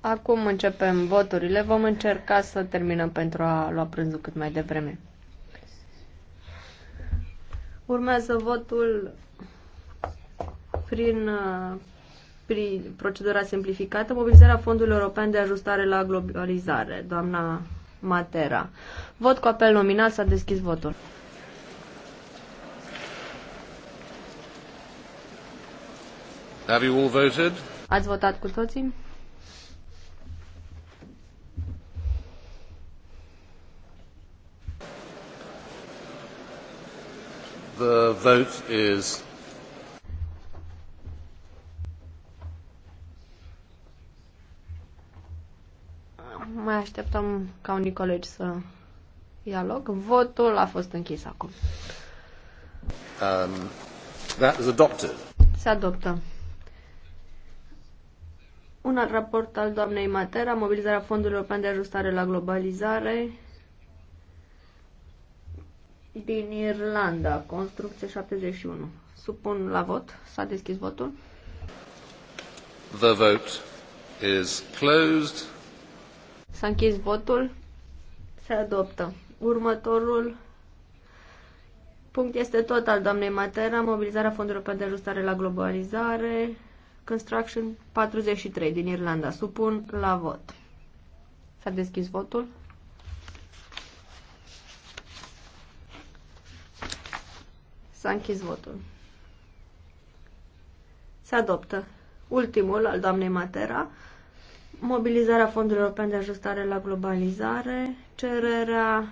Acum începem voturile. Vom încerca să terminăm pentru a lua prânzul cât mai devreme. Urmează votul prin, uh, prin procedura simplificată, mobilizarea Fondului European de Ajustare la Globalizare. Doamna Matera. Vot cu apel nominal s-a deschis votul. Have you all voted? Ați votat cu toții? vote is Mai așteptăm ca unii colegi să ia loc. Votul a fost închis acum. Um, that is adopted. Se adoptă. Un alt raport al doamnei Matera, mobilizarea fondurilor pentru de Ajustare la Globalizare, din Irlanda, construcție 71. Supun la vot. S-a deschis votul. The vote is closed. S-a închis votul. Se adoptă. Următorul punct este tot al doamnei Matera, mobilizarea fondurilor pentru ajustare la globalizare, Construction 43 din Irlanda. Supun la vot. S-a deschis votul. S-a închis votul. Se adoptă. Ultimul, al doamnei Matera, mobilizarea fondurilor European de Ajustare la Globalizare, cererea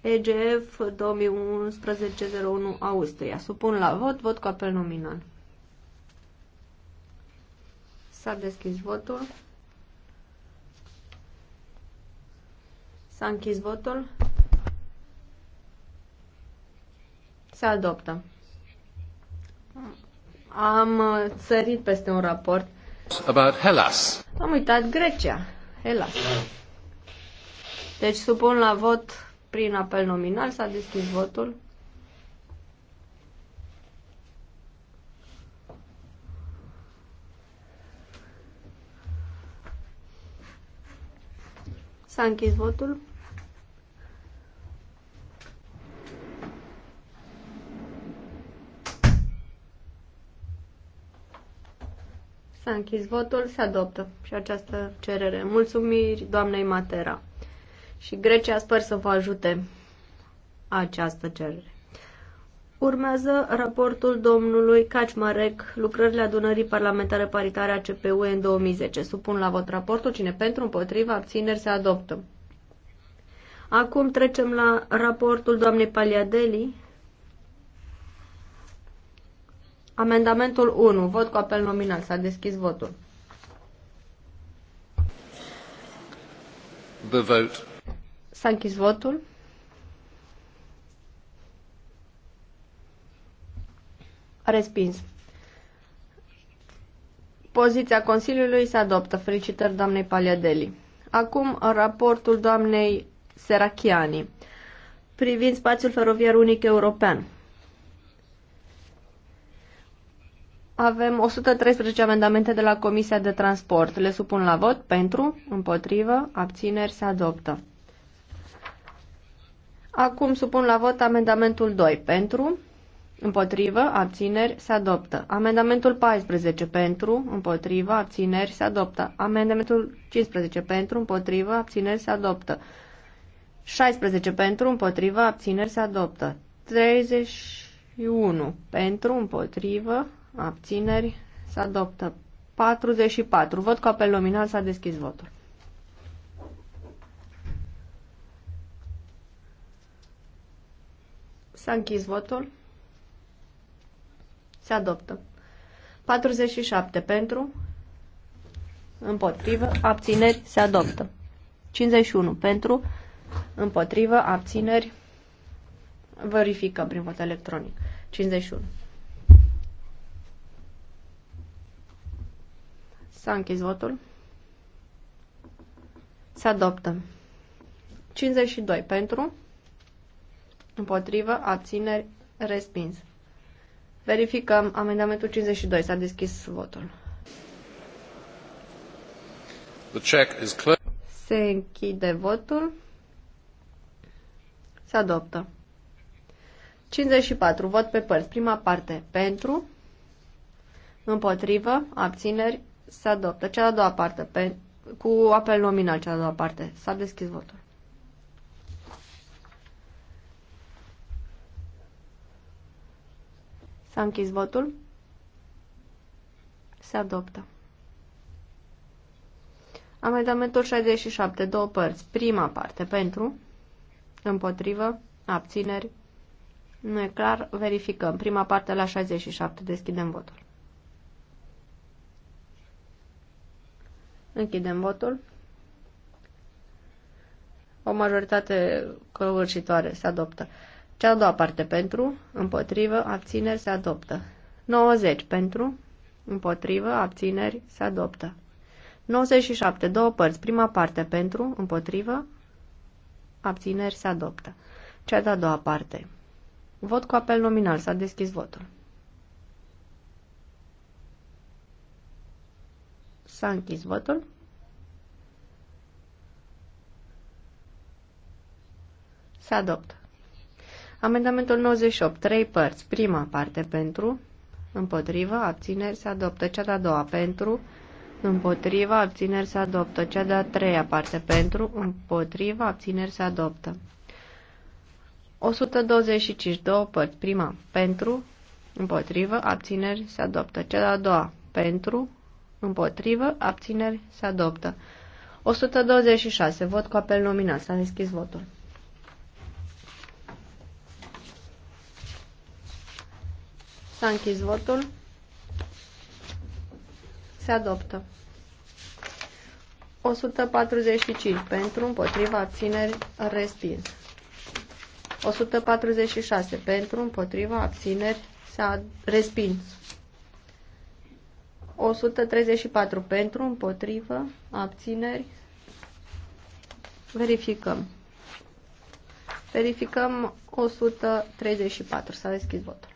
EGF 2011-01 Austria. Supun la vot, vot cu apel nominal. S-a deschis votul. S-a închis votul. Se adoptă. Am uh, sărit peste un raport. About Hellas. Am uitat Grecia. Hellas. Deci supun la vot prin apel nominal. S-a deschis votul. S-a închis votul. S-a închis votul, se adoptă și această cerere. Mulțumiri doamnei Matera. Și Grecia sper să vă ajute această cerere. Urmează raportul domnului Cacmarec, lucrările adunării parlamentare paritare a CPU în 2010. Supun la vot raportul. Cine pentru, împotriva, abțineri, se adoptă. Acum trecem la raportul doamnei Paliadeli, Amendamentul 1. Vot cu apel nominal. S-a deschis votul. The vote. S-a închis votul. Respins. Poziția Consiliului se adoptă. Felicitări doamnei Paliadeli. Acum raportul doamnei Serachiani privind spațiul feroviar unic european. Avem 113 amendamente de la Comisia de Transport. Le supun la vot pentru, împotrivă, abțineri se adoptă. Acum supun la vot amendamentul 2 pentru, împotrivă, abțineri se adoptă. Amendamentul 14 pentru, împotrivă, abțineri se adoptă. Amendamentul 15 pentru, împotrivă, abțineri se adoptă. 16 pentru, împotrivă, abțineri se adoptă. 31 pentru, împotrivă, Abțineri. Se adoptă. 44. Văd că apel nominal. S-a deschis votul. S-a închis votul. Se adoptă. 47 pentru. Împotrivă. Abțineri. Se adoptă. 51 pentru. Împotrivă. Abțineri. Verificăm prin vot electronic. 51. S-a închis votul. Se adoptă. 52 pentru. Împotrivă. Abțineri. Respins. Verificăm amendamentul 52. S-a deschis votul. The check is clear. Se închide votul. Se adoptă. 54. Vot pe părți. Prima parte pentru, împotrivă, abțineri, se adoptă. Cea de-a doua parte. Pe, cu apel nominal, cea de-a doua parte. S-a deschis votul. S-a închis votul. Se adoptă. Amendamentul 67, două părți. Prima parte pentru, împotrivă, abțineri. Nu e clar, verificăm. Prima parte la 67, deschidem votul. Închidem votul. O majoritate covârșitoare se adoptă. Cea a doua parte pentru, împotrivă, abțineri se adoptă. 90 pentru, împotrivă, abțineri se adoptă. 97, două părți, prima parte pentru, împotrivă, abțineri se adoptă. Cea de-a doua parte. Vot cu apel nominal, s-a deschis votul. S-a închis votul. Se adoptă. Amendamentul 98. Trei părți. Prima parte pentru, împotrivă, abțineri se adoptă. Cea de-a doua pentru, împotrivă, abțineri se adoptă. Cea de-a treia parte pentru, împotrivă, abțineri se adoptă. 125. Două părți. Prima pentru, împotrivă, abțineri se adoptă. Cea de-a doua pentru, Împotrivă, abțineri, se adoptă. 126. Vot cu apel nominal. S-a deschis votul. S-a închis votul. Se adoptă. 145 pentru, împotriva, abțineri, respins. 146 pentru, împotriva, abțineri, se respins. 134 pentru, împotrivă, abțineri. Verificăm. Verificăm 134. S-a deschis votul.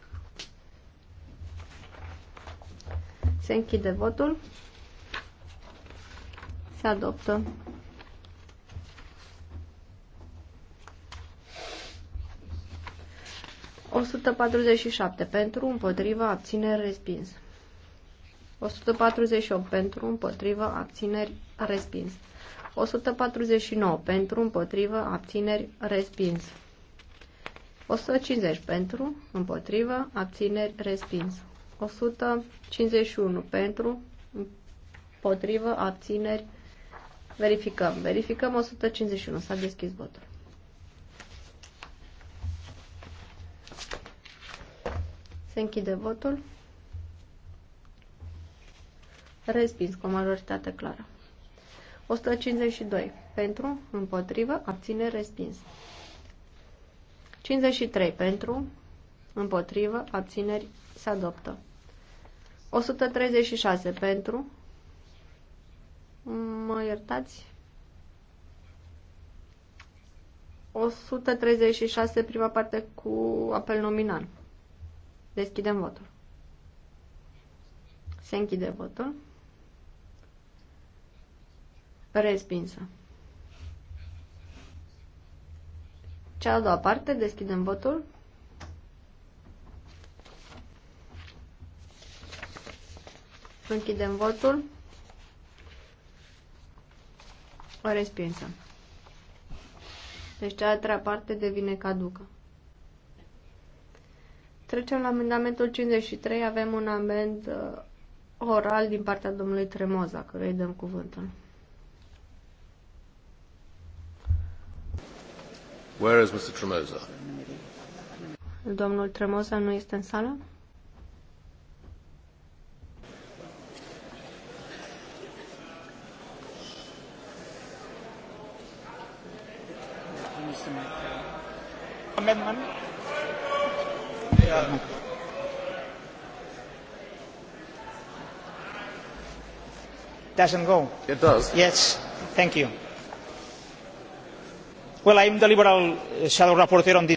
Se închide votul. Se adoptă. O șapte pentru, împotriva, abțineri, respins. 148 pentru, împotrivă, abțineri, respins. 149 pentru, împotrivă, abțineri, respins. 150 pentru, împotrivă, abțineri, respins. 151 pentru, împotrivă, abțineri, verificăm. Verificăm 151, s-a deschis votul. Se închide votul. Respins cu o majoritate clară. 152. Pentru, împotrivă, abține, respins. 53. Pentru, împotrivă, abțineri, se adoptă. 136. Pentru, mă iertați, 136, prima parte cu apel nominal. Deschidem votul. Se închide votul. Respinsă. Cea a doua parte, deschidem votul. Închidem votul. O respinsă. Deci cea a treia parte devine caducă. Trecem la amendamentul 53. Avem un amend uh, oral din partea domnului Tremoza, căruia îi dăm cuvântul. Domnul Tremosa nu este în sală? Amendment? Yeah. Doesn't go. It does. Yes. Thank you.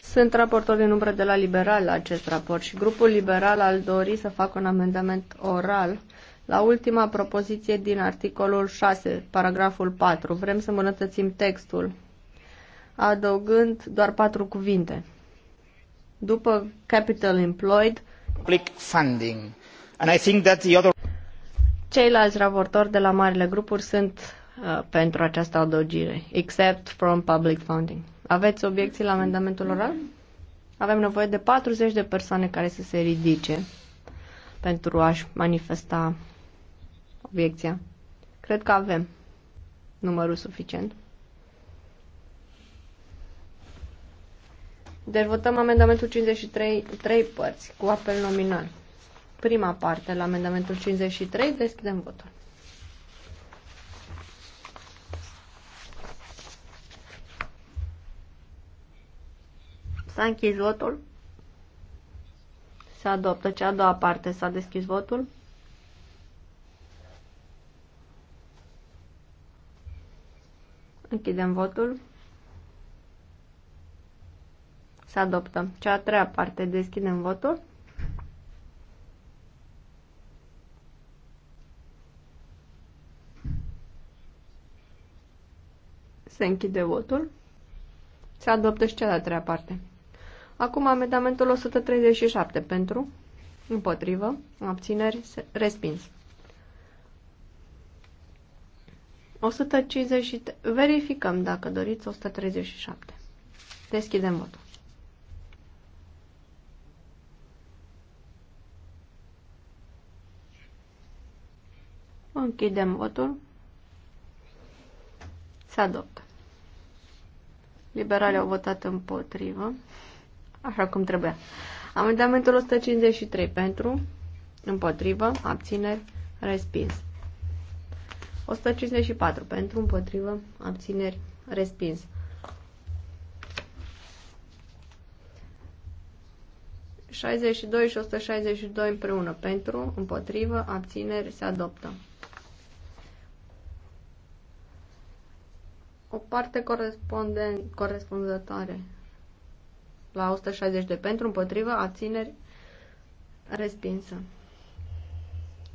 Sunt raportor din umbră de la Liberal la acest raport și grupul Liberal al dori să facă un amendament oral la ultima propoziție din articolul 6, paragraful 4. Vrem să îmbunătățim textul, adăugând doar patru cuvinte. După capital employed, public funding. And I think that the other... Ceilalți raportori de la marile grupuri sunt Uh, pentru această adăugire. Except from public funding. Aveți obiecții la amendamentul oral? Avem nevoie de 40 de persoane care să se ridice pentru a-și manifesta obiecția. Cred că avem numărul suficient. Deci votăm amendamentul 53, trei părți, cu apel nominal. Prima parte la amendamentul 53, deschidem votul. S-a închis votul. Se adoptă cea a doua parte. S-a deschis votul. Închidem votul. Se adoptă. Cea a treia parte. Deschidem votul. Se închide votul. Se adoptă și cea de-a treia parte. Acum amendamentul 137 pentru, împotrivă, abțineri, respins. 150, verificăm dacă doriți 137. Deschidem votul. Închidem votul. Se adoptă. Liberalii au votat împotrivă așa cum trebuia. Amendamentul 153 pentru, împotrivă, abțineri, respins. 154 pentru, împotrivă, abțineri, respins. și 162 împreună pentru, împotrivă, abțineri, se adoptă. O parte corespondentă corespunzătoare la 160 de pentru, împotrivă, abțineri, respinsă.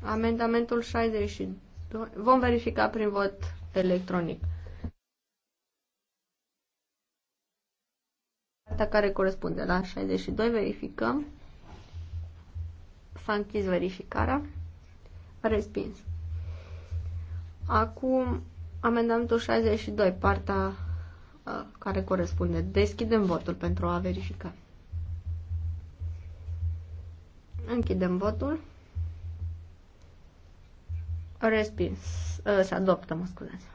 Amendamentul 62. Vom verifica prin vot electronic. Data care corespunde la 62, verificăm. S-a închis verificarea. Respins. Acum, amendamentul 62, partea care corespunde. Deschidem votul pentru a verifica. Închidem votul. Respins. Se adoptă, mă scuzați.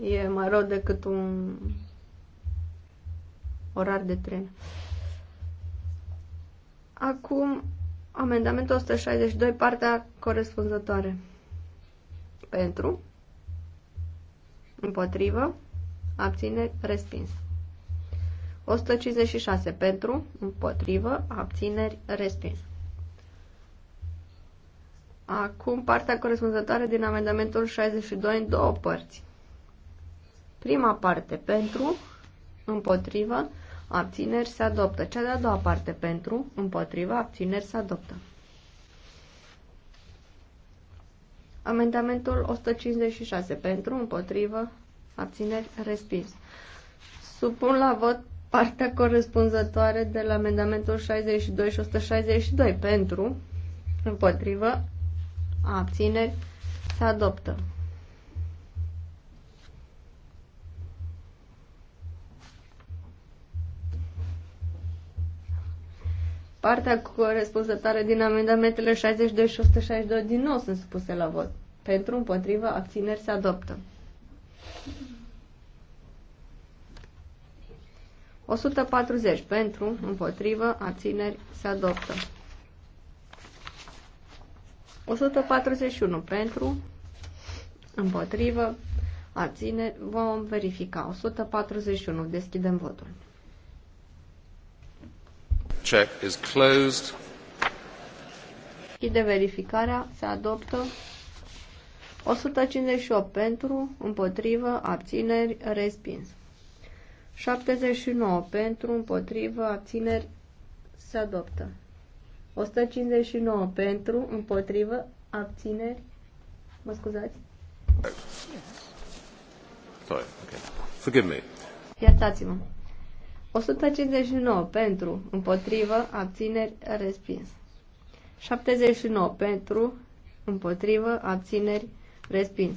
E mai rău decât un orar de tren. Acum, amendamentul 162, partea corespunzătoare. Pentru. Împotrivă. Abțineri. Respins. 156 pentru, împotrivă, abțineri, respins. Acum partea corespunzătoare din amendamentul 62 în două părți. Prima parte pentru, împotrivă, abțineri se adoptă. Cea de-a doua parte pentru, împotrivă, abțineri se adoptă. Amendamentul 156 pentru, împotrivă, abțineri, respins. Supun la vot partea corespunzătoare de la amendamentul 62 și 162 pentru, împotrivă, abțineri, se adoptă. Partea corespunzătoare din amendamentele 62 și 162 din nou sunt supuse la vot. Pentru, împotriva, abțineri se adoptă. 140 pentru, împotrivă, abțineri se adoptă. 141 pentru, împotrivă, abțineri, vom verifica. 141, deschidem votul check is closed. Închide verificarea, se adoptă 158 pentru, împotrivă, abțineri, respins. 79 pentru, împotrivă, abțineri, se adoptă. 159 pentru, împotrivă, abțineri, mă scuzați? Sorry, okay. Forgive me. Iertați-mă. 159 pentru, împotrivă, abțineri, respins. 79 pentru, împotrivă, abțineri, respins.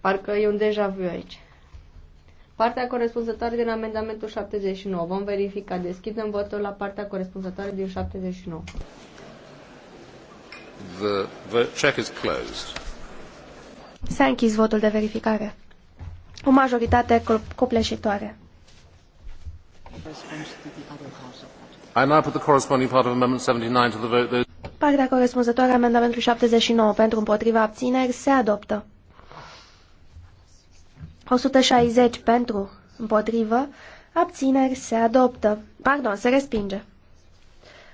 Parcă e un deja vu aici. Partea corespunzătoare din amendamentul 79. Vom verifica. Deschidem votul la partea corespunzătoare din 79. The, the check is closed. S-a închis votul de verificare. O majoritate copleșitoare. I now put the corresponding Partea corespunzătoare amendamentul 79 pentru împotriva abțineri se adoptă. 160 pentru împotrivă abțineri se adoptă. Pardon, se respinge.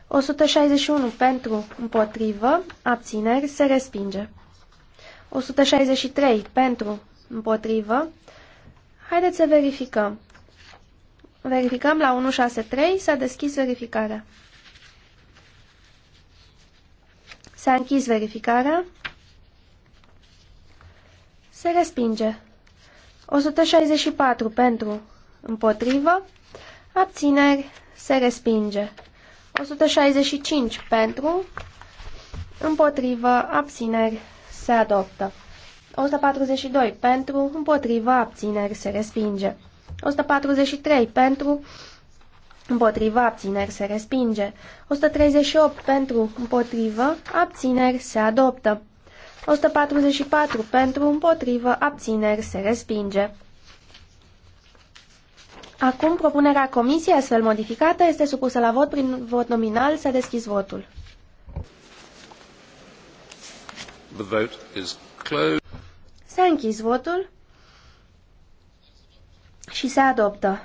161 pentru împotrivă abțineri se respinge. 163 pentru, împotrivă. Haideți să verificăm. Verificăm la 163, s-a deschis verificarea. S-a închis verificarea. Se respinge. 164 pentru, împotrivă. Abțineri, se respinge. 165 pentru, împotrivă, abțineri, se adoptă. 142 pentru, împotriva, abțineri, se respinge. 143 pentru, împotriva, abțineri, se respinge. 138 pentru, împotriva, abțineri, se adoptă. 144 pentru, împotriva, abțineri, se respinge. Acum propunerea comisiei astfel modificată este supusă la vot prin vot nominal. S-a deschis votul. The vote is closed. S-a închis votul și se adoptă.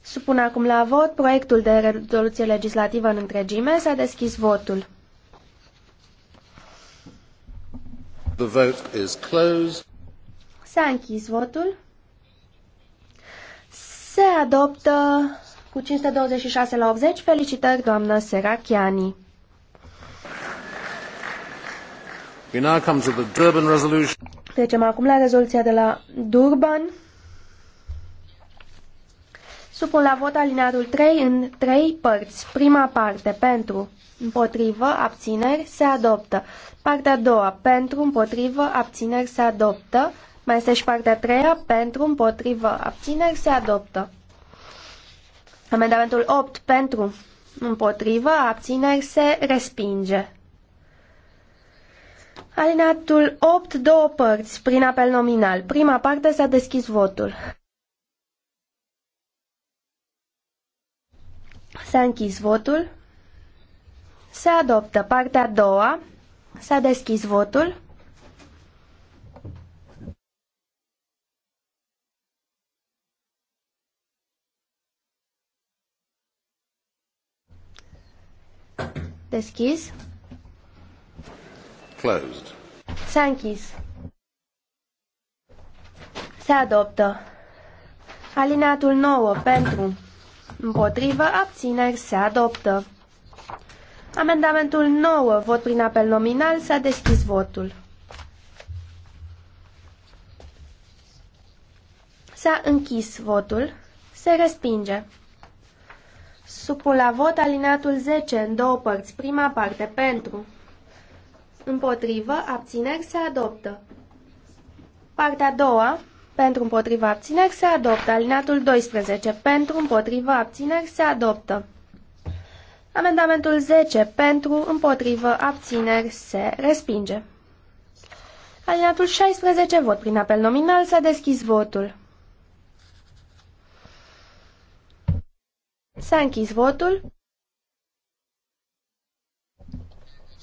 Supun acum la vot proiectul de rezoluție legislativă în întregime. S-a deschis votul. The vote is closed. S-a închis votul. Se adoptă cu 526 la 80. Felicitări, doamnă Serachiani. We now come to the Durban resolution. Trecem acum la rezoluția de la Durban. Supun la vot alineatul 3 în 3 părți. Prima parte pentru, împotrivă, abțineri, se adoptă. Partea a doua pentru, împotrivă, abțineri, se adoptă. Mai este și partea a treia pentru, împotrivă, abțineri, se adoptă. Amendamentul 8 pentru, împotrivă, abțineri, se respinge. Alinatul 8, două părți, prin apel nominal. Prima parte s-a deschis votul. S-a închis votul. Se adoptă partea a doua. S-a deschis votul. Deschis closed. S-a închis. Se adoptă. Alineatul 9 pentru. Împotrivă, abțineri, se adoptă. Amendamentul 9, vot prin apel nominal, s-a deschis votul. S-a închis votul. Se respinge. Supun la vot alineatul 10 în două părți. Prima parte pentru. Împotrivă, abțineri, se adoptă. Partea a doua, pentru împotriva abțineri, se adoptă. Alineatul 12, pentru împotriva abțineri, se adoptă. Amendamentul 10, pentru împotrivă abțineri, se respinge. Alineatul 16, vot prin apel nominal, s-a deschis votul. S-a închis votul.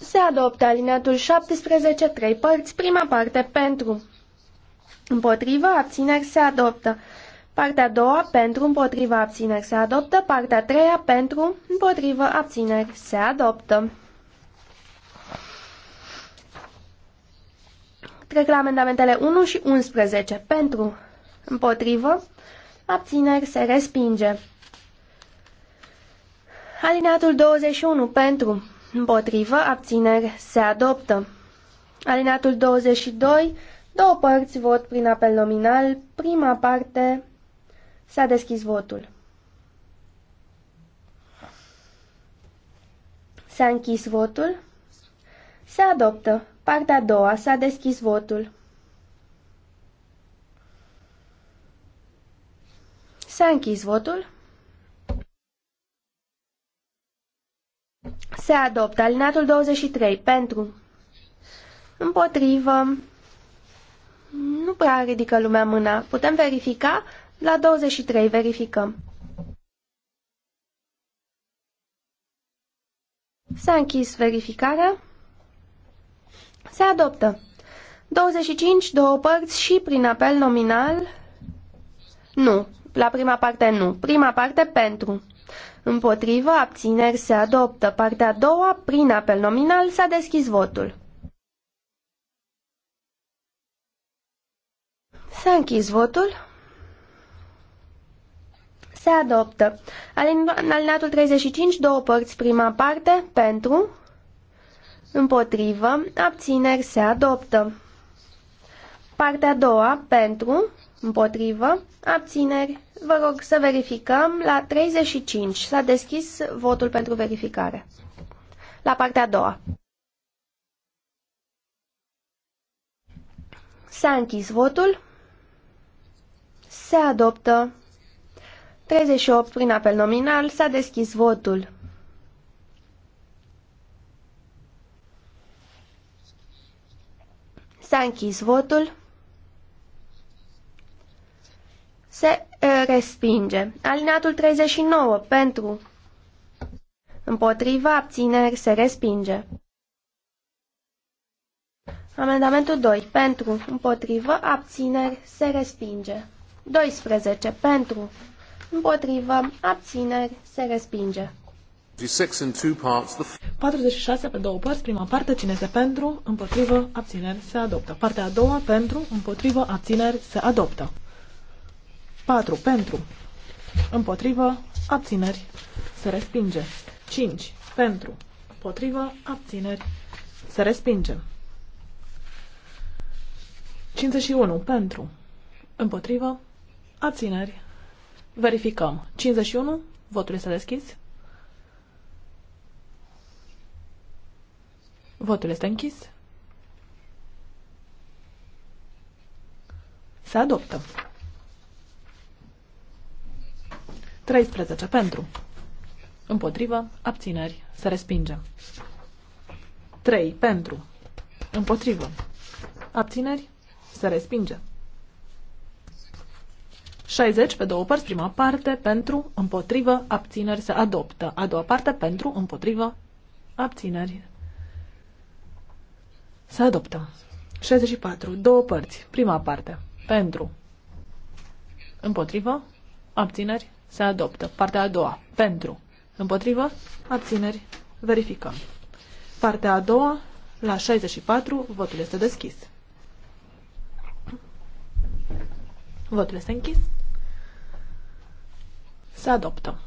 Se adoptă alineatul 17, 3 părți, prima parte pentru. Împotrivă, abțineri se adoptă. Partea a doua, pentru, împotrivă, abțineri se adoptă. Partea a treia, pentru, împotrivă, abțineri se adoptă. Trec la amendamentele 1 și 11. Pentru, împotrivă, abțineri se respinge. Alineatul 21, pentru, Împotrivă, abțineri, se adoptă. Alineatul 22, două părți, vot prin apel nominal. Prima parte, s-a deschis votul. S-a închis votul. Se adoptă. Partea a doua, s-a deschis votul. S-a închis votul. Se adoptă. Alineatul 23. Pentru. Împotrivă. Nu prea ridică lumea mâna. Putem verifica? La 23 verificăm. S-a închis verificarea. Se adoptă. 25, două părți și prin apel nominal. Nu. La prima parte nu. Prima parte pentru. Împotrivă, abțineri se adoptă. Partea a doua, prin apel nominal, s-a deschis votul. S-a închis votul. Se adoptă. Alineatul 35, două părți, prima parte, pentru, împotrivă, abțineri se adoptă. Partea a doua, pentru, Împotrivă. Abțineri. Vă rog să verificăm. La 35 s-a deschis votul pentru verificare. La partea a doua. S-a închis votul. Se adoptă. 38 prin apel nominal. S-a deschis votul. S-a închis votul. se uh, respinge. Alineatul 39 pentru împotriva abțineri se respinge. Amendamentul 2 pentru împotrivă abțineri se respinge. 12 pentru împotrivă abțineri se respinge. 46 pe două părți, prima parte, cine este pentru, împotrivă, abțineri, se adoptă. Partea a doua, pentru, împotrivă, abțineri, se adoptă. 4 pentru, împotrivă, abțineri, se respinge. 5 pentru, împotrivă, abțineri, se respinge. 51 pentru, împotrivă, abțineri, verificăm. 51, votul este deschis. Votul este închis. Se adoptă. 13 pentru. Împotrivă, abțineri, se respinge. 3 pentru. Împotrivă, abțineri, se respinge. 60 pe două părți, prima parte, pentru, împotrivă, abțineri, se adoptă. A doua parte, pentru, împotrivă, abțineri, se adoptă. 64. Două părți. Prima parte. Pentru. Împotrivă. Abțineri. Se adoptă. Partea a doua. Pentru. Împotrivă. Abțineri. Verificăm. Partea a doua. La 64. Votul este deschis. Votul este închis. Se adoptă.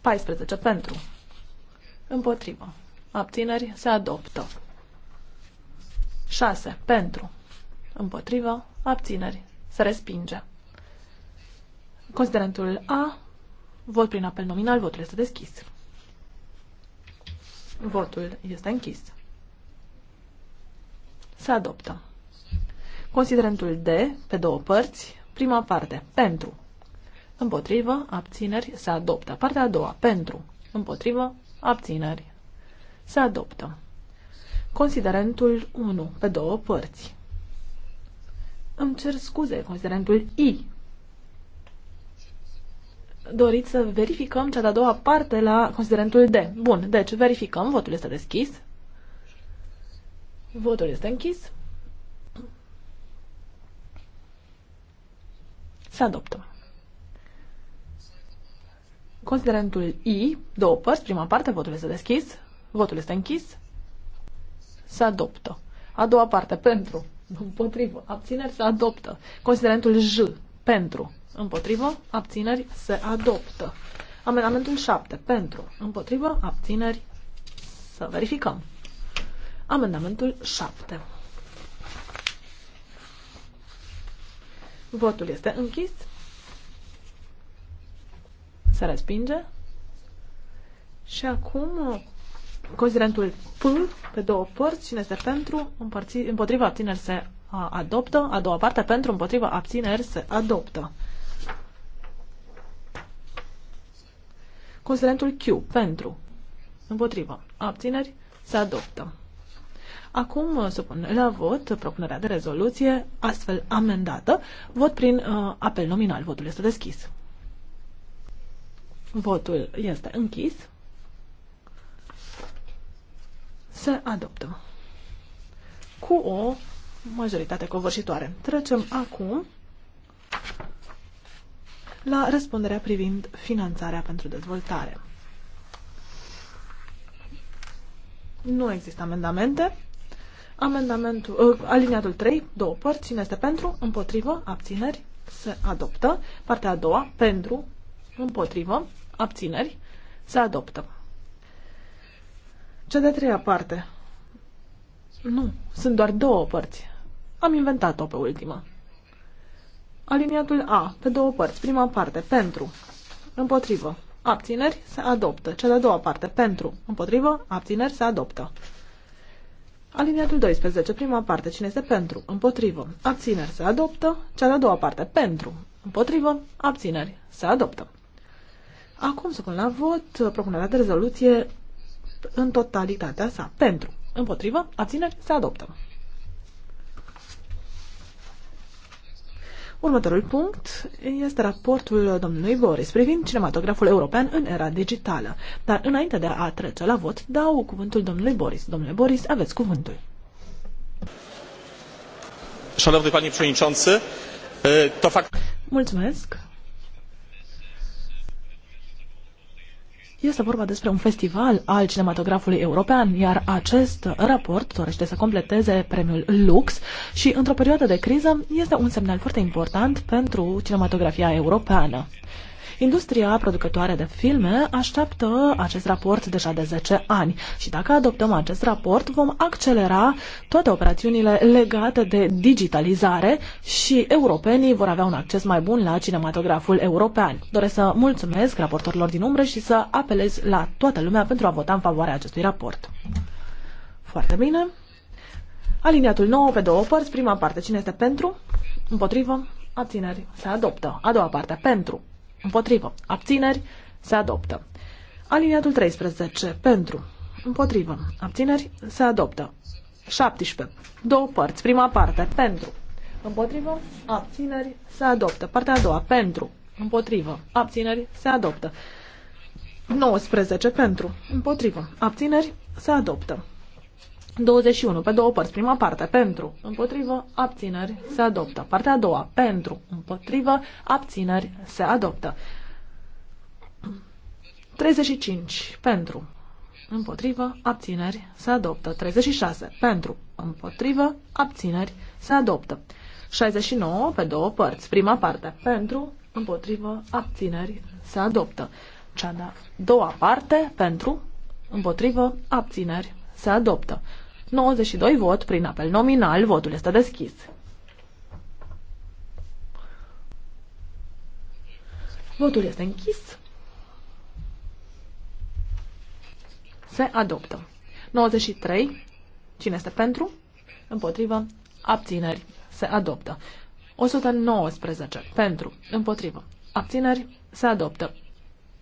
14. Pentru. Împotrivă. Abțineri. Se adoptă. 6. Pentru. Împotrivă. Abțineri. Se respinge. Considerentul A, vot prin apel nominal, votul este deschis. Votul este închis. Se adoptă. Considerentul D, pe două părți, prima parte, pentru. Împotrivă, abțineri, se adoptă. Partea a doua, pentru. Împotrivă, abțineri, se adoptă. Considerentul 1, pe două părți. Îmi cer scuze, considerentul I, dorit să verificăm cea de-a doua parte la considerentul D. Bun, deci verificăm, votul este deschis. Votul este închis. Se adoptă. Considerentul I, două părți, prima parte, votul este deschis, votul este închis, se adoptă. A doua parte, pentru, împotrivă, abțineri, se adoptă. Considerentul J, pentru, Împotrivă, abțineri, se adoptă. Amendamentul 7. Pentru. Împotrivă, abțineri, să verificăm. Amendamentul 7. Votul este închis. Se respinge. Și acum considerentul P pe două părți. Cine este pentru? Împotriva abțineri se adoptă. A doua parte pentru împotriva abțineri se adoptă. Considerentul Q. Pentru. Împotrivă. Abțineri. Se adoptă. Acum uh, supun la vot propunerea de rezoluție astfel amendată. Vot prin uh, apel nominal. Votul este deschis. Votul este închis. Se adoptă. Cu o majoritate covârșitoare. Trecem acum la răspunderea privind finanțarea pentru dezvoltare. Nu există amendamente. Amendamentul, uh, aliniatul 3, două părți, cine este pentru, împotrivă, abțineri, se adoptă. Partea a doua, pentru, împotrivă, abțineri, se adoptă. Cea de-a treia parte. Nu, sunt doar două părți. Am inventat-o pe ultima. Aliniatul A, pe două părți. Prima parte, pentru. Împotrivă. Abțineri, se adoptă. Cea de-a doua parte, pentru. Împotrivă, abțineri, se adoptă. Aliniatul 12, prima parte, cine este pentru? Împotrivă. Abțineri, se adoptă. Cea de-a doua parte, pentru. Împotrivă, abțineri, se adoptă. Acum să pun la vot propunerea de rezoluție în totalitatea sa. Pentru. Împotrivă, abțineri, se adoptă. Următorul punct este raportul domnului Boris privind cinematograful european în era digitală. Dar înainte de a trece la vot, dau cuvântul domnului Boris. Domnule Boris, aveți cuvântul. Mulțumesc, Este vorba despre un festival al cinematografului european, iar acest raport dorește să completeze premiul Lux și, într-o perioadă de criză, este un semnal foarte important pentru cinematografia europeană. Industria producătoare de filme așteaptă acest raport deja de 10 ani și dacă adoptăm acest raport vom accelera toate operațiunile legate de digitalizare și europenii vor avea un acces mai bun la cinematograful european. Doresc să mulțumesc raportorilor din umbră și să apelez la toată lumea pentru a vota în favoarea acestui raport. Foarte bine. Aliniatul 9 pe două părți. Prima parte, cine este pentru? Împotrivă? Abțineri. Se adoptă. A doua parte, pentru. Împotrivă. Abțineri. Se adoptă. Aliniatul 13. Pentru. Împotrivă. Abțineri. Se adoptă. 17. Două părți. Prima parte. Pentru. Împotrivă. Abțineri. Se adoptă. Partea a doua. Pentru. Împotrivă. Abțineri. Se adoptă. 19. Pentru. Împotrivă. Abțineri. Se adoptă. 21. Pe două părți. Prima parte. Pentru. Împotrivă. Abțineri. Se adoptă. Partea a doua. Pentru. Împotrivă. Abțineri. Se adoptă. 35. Pentru. Împotrivă. Abțineri. Se adoptă. 36. Pentru. Împotrivă. Abțineri. Se adoptă. 69. Pe două părți. Prima parte. Pentru. Împotrivă. Abțineri. Se adoptă. Cea de-a doua parte. Pentru. Împotrivă. Abțineri. Se adoptă. 92 vot prin apel nominal. Votul este deschis. Votul este închis. Se adoptă. 93. Cine este pentru? Împotrivă. Abțineri. Se adoptă. 119. Pentru. Împotrivă. Abțineri. Se adoptă.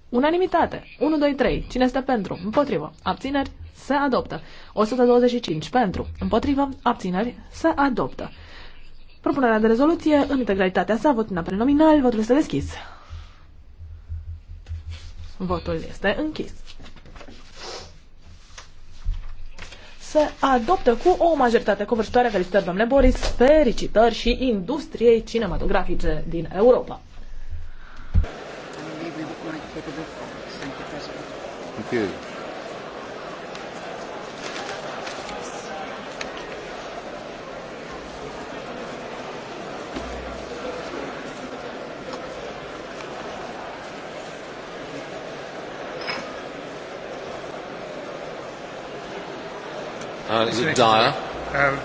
Unanimitate. 1, 2, 3. Cine este pentru? Împotrivă. Abțineri. Se adoptă. 125 pentru. Împotrivă. Abțineri. Se adoptă. Propunerea de rezoluție în integralitatea sa, vot în apel nominal, votul este deschis. Votul este închis. se adoptă cu o majoritate covârșitoare. Felicitări, domnule Boris, fericitări și industriei cinematografice din Europa. Thank you. Uh, is it Dyer? Um,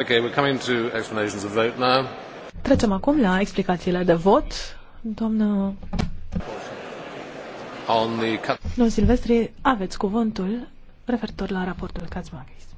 Okay, we're coming to explanations of vote now. Trecem acum la explicațiile de vot. Doamnă... On the... Domnul Silvestri, aveți cuvântul referitor la raportul Kaczmakis.